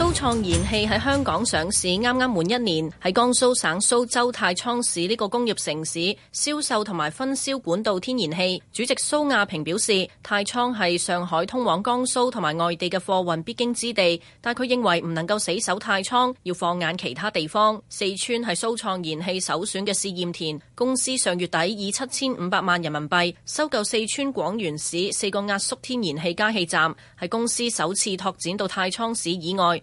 蘇創燃氣喺香港上市，啱啱滿一年。喺江蘇省蘇州太倉市呢個工業城市銷售同埋分銷管道天然氣。主席蘇阿平表示，太倉係上海通往江蘇同埋外地嘅貨運必經之地，但佢認為唔能夠死守太倉，要放眼其他地方。四川係蘇創燃氣首選嘅試驗田。公司上月底以七千五百萬人民幣收購四川廣元市四個壓縮天然氣加氣站，係公司首次拓展到太倉市以外。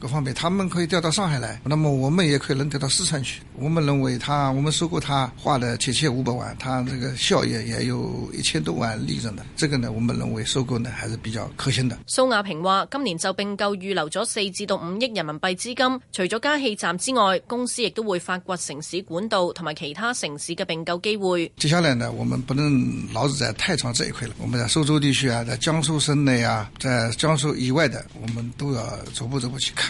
各方面，他們可以調到上海來，那麼我們也可以能調到四川去。我們認為他，我們收購他花了七千五百萬，他這個效益也有一千多萬利潤的。這個呢，我們認為收購呢還是比較可行的。蘇阿平話，今年就併購預留咗四至到五億人民幣資金，除咗加氣站之外，公司亦都會發掘城市管道同埋其他城市嘅併購機會。接下來呢，我們不能老是在太倉這一塊了，我們在蘇州地區啊，在江蘇省內啊，在江蘇以外的，我們都要逐步逐步去看。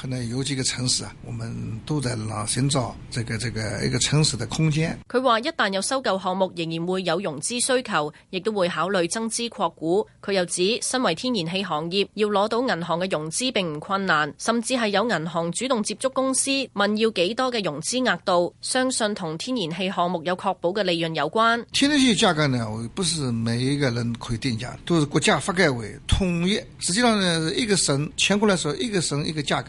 可能有幾個城市啊，我們都在嚟尋找這個這個一個城市的空間。佢話一旦有收購項目，仍然會有融資需求，亦都會考慮增資擴股。佢又指身為天然氣行業，要攞到銀行嘅融資並唔困難，甚至係有銀行主動接觸公司，問要幾多嘅融資額度。相信同天然氣項目有確保嘅利潤有關。天然氣價格呢，我不是每一個人可以定價，都是國家發改委統一。實際上呢，一個省全國來說，一個省一個價格。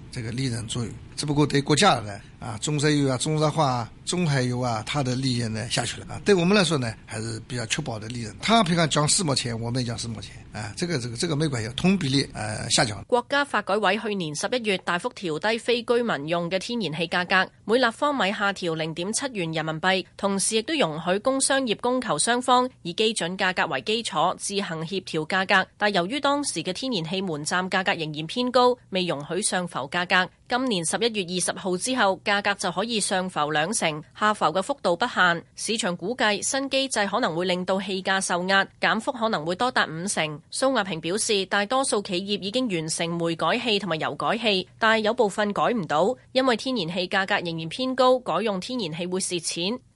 這個利潤作用，只不過對國家呢，啊中石油啊、中石化、中海油啊，它的利潤呢下去了啊。對我們來說呢，還是比較確保的利潤。他平常講降四毛錢，我們降四毛錢，啊，這個、這個、這個沒關係，同比例呃下降。國家發改委去年十一月大幅調低非居民用嘅天然氣價格，每立方米下調零點七元人民幣，同時亦都容許工商業供求雙方以基準價格為基礎自行協調價格，但由於當時嘅天然氣門站價格仍然偏高，未容許上浮價。價格今年十一月二十號之後，價格就可以上浮兩成，下浮嘅幅度不限。市場估計新機制可能會令到氣價受壓，減幅可能會多達五成。蘇阿平表示，大多數企業已經完成煤改氣同埋油改氣，但係有部分改唔到，因為天然氣價格仍然偏高，改用天然氣會蝕錢。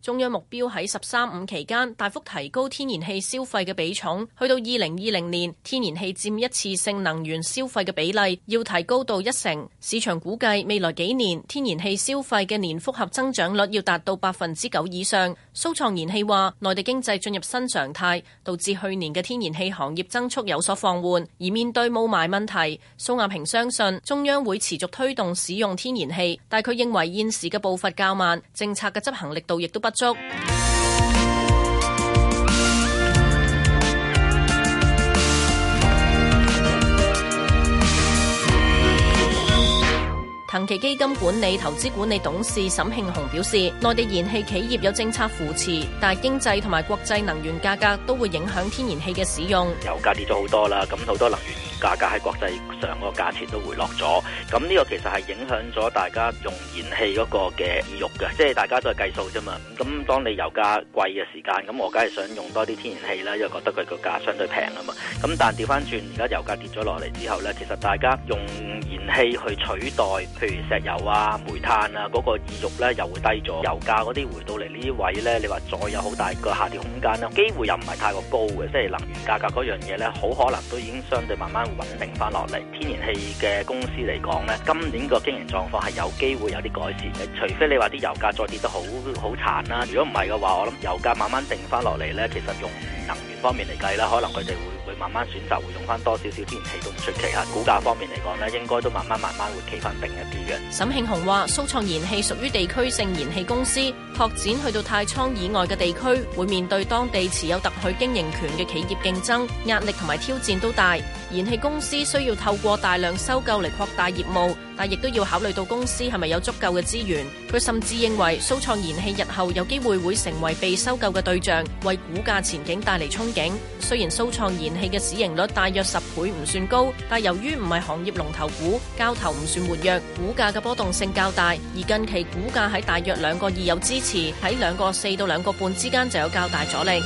中央目標喺十三五期間大幅提高天然氣消費嘅比重，去到二零二零年，天然氣佔一次性能源消費嘅比例要提高到一成。市場估計未來幾年天然氣消費嘅年複合增長率要達到百分之九以上。蘇創燃氣話，內地經濟進入新常態，導致去年嘅天然氣行業增速有所放緩。而面對霧霾問題，蘇阿平相信中央會持續推動使用天然氣，但佢認為現時嘅步伐較慢，政策嘅，執行力度亦都不足。騰祺基金管理投資管理董事沈慶洪表示，內地燃氣企業有政策扶持，但經濟同埋國際能源價格都會影響天然氣嘅使用。油價跌咗好多啦，咁好多能源價格喺國際上個價錢都回落咗，咁呢個其實係影響咗大家用燃氣嗰個嘅意欲嘅，即係大家都係計數啫嘛。咁當你油價貴嘅時間，咁我梗係想用多啲天然氣啦，因為覺得佢個價相對平啊嘛。咁但係掉翻轉，而家油價跌咗落嚟之後呢，其實大家用燃氣去取代，譬如石油啊、煤炭啊嗰個意欲呢，又會低咗。油價嗰啲回到嚟呢啲位呢，你話再有好大個下跌空間啦，機會又唔係太過高嘅，即係能源價格嗰樣嘢呢，好可能都已經相對慢慢。穩定翻落嚟，天然氣嘅公司嚟講咧，今年個經營狀況係有機會有啲改善嘅，除非你話啲油價再跌得好好殘啦。如果唔係嘅話，我諗油價慢慢定翻落嚟咧，其實用能源方面嚟計啦，可能佢哋會。慢慢選擇會用翻多少少電器。都唔出奇嚇，股價方面嚟講咧，應該都慢慢慢慢會企翻定一啲嘅。沈慶雄話：蘇創燃氣屬於地區性燃氣公司，拓展去到太倉以外嘅地區，會面對當地持有特許經營權嘅企業競爭，壓力同埋挑戰都大。燃氣公司需要透過大量收購嚟擴大業務，但亦都要考慮到公司係咪有足夠嘅資源。佢甚至認為蘇創燃氣日後有機會會成為被收購嘅對象，為股價前景帶嚟憧憬。雖然蘇創燃氣，嘅市盈率大約十倍唔算高，但由於唔係行業龍頭股，交投唔算活躍，股價嘅波動性較大。而近期股價喺大約兩個二有支持，喺兩個四到兩個半之間就有較大阻力。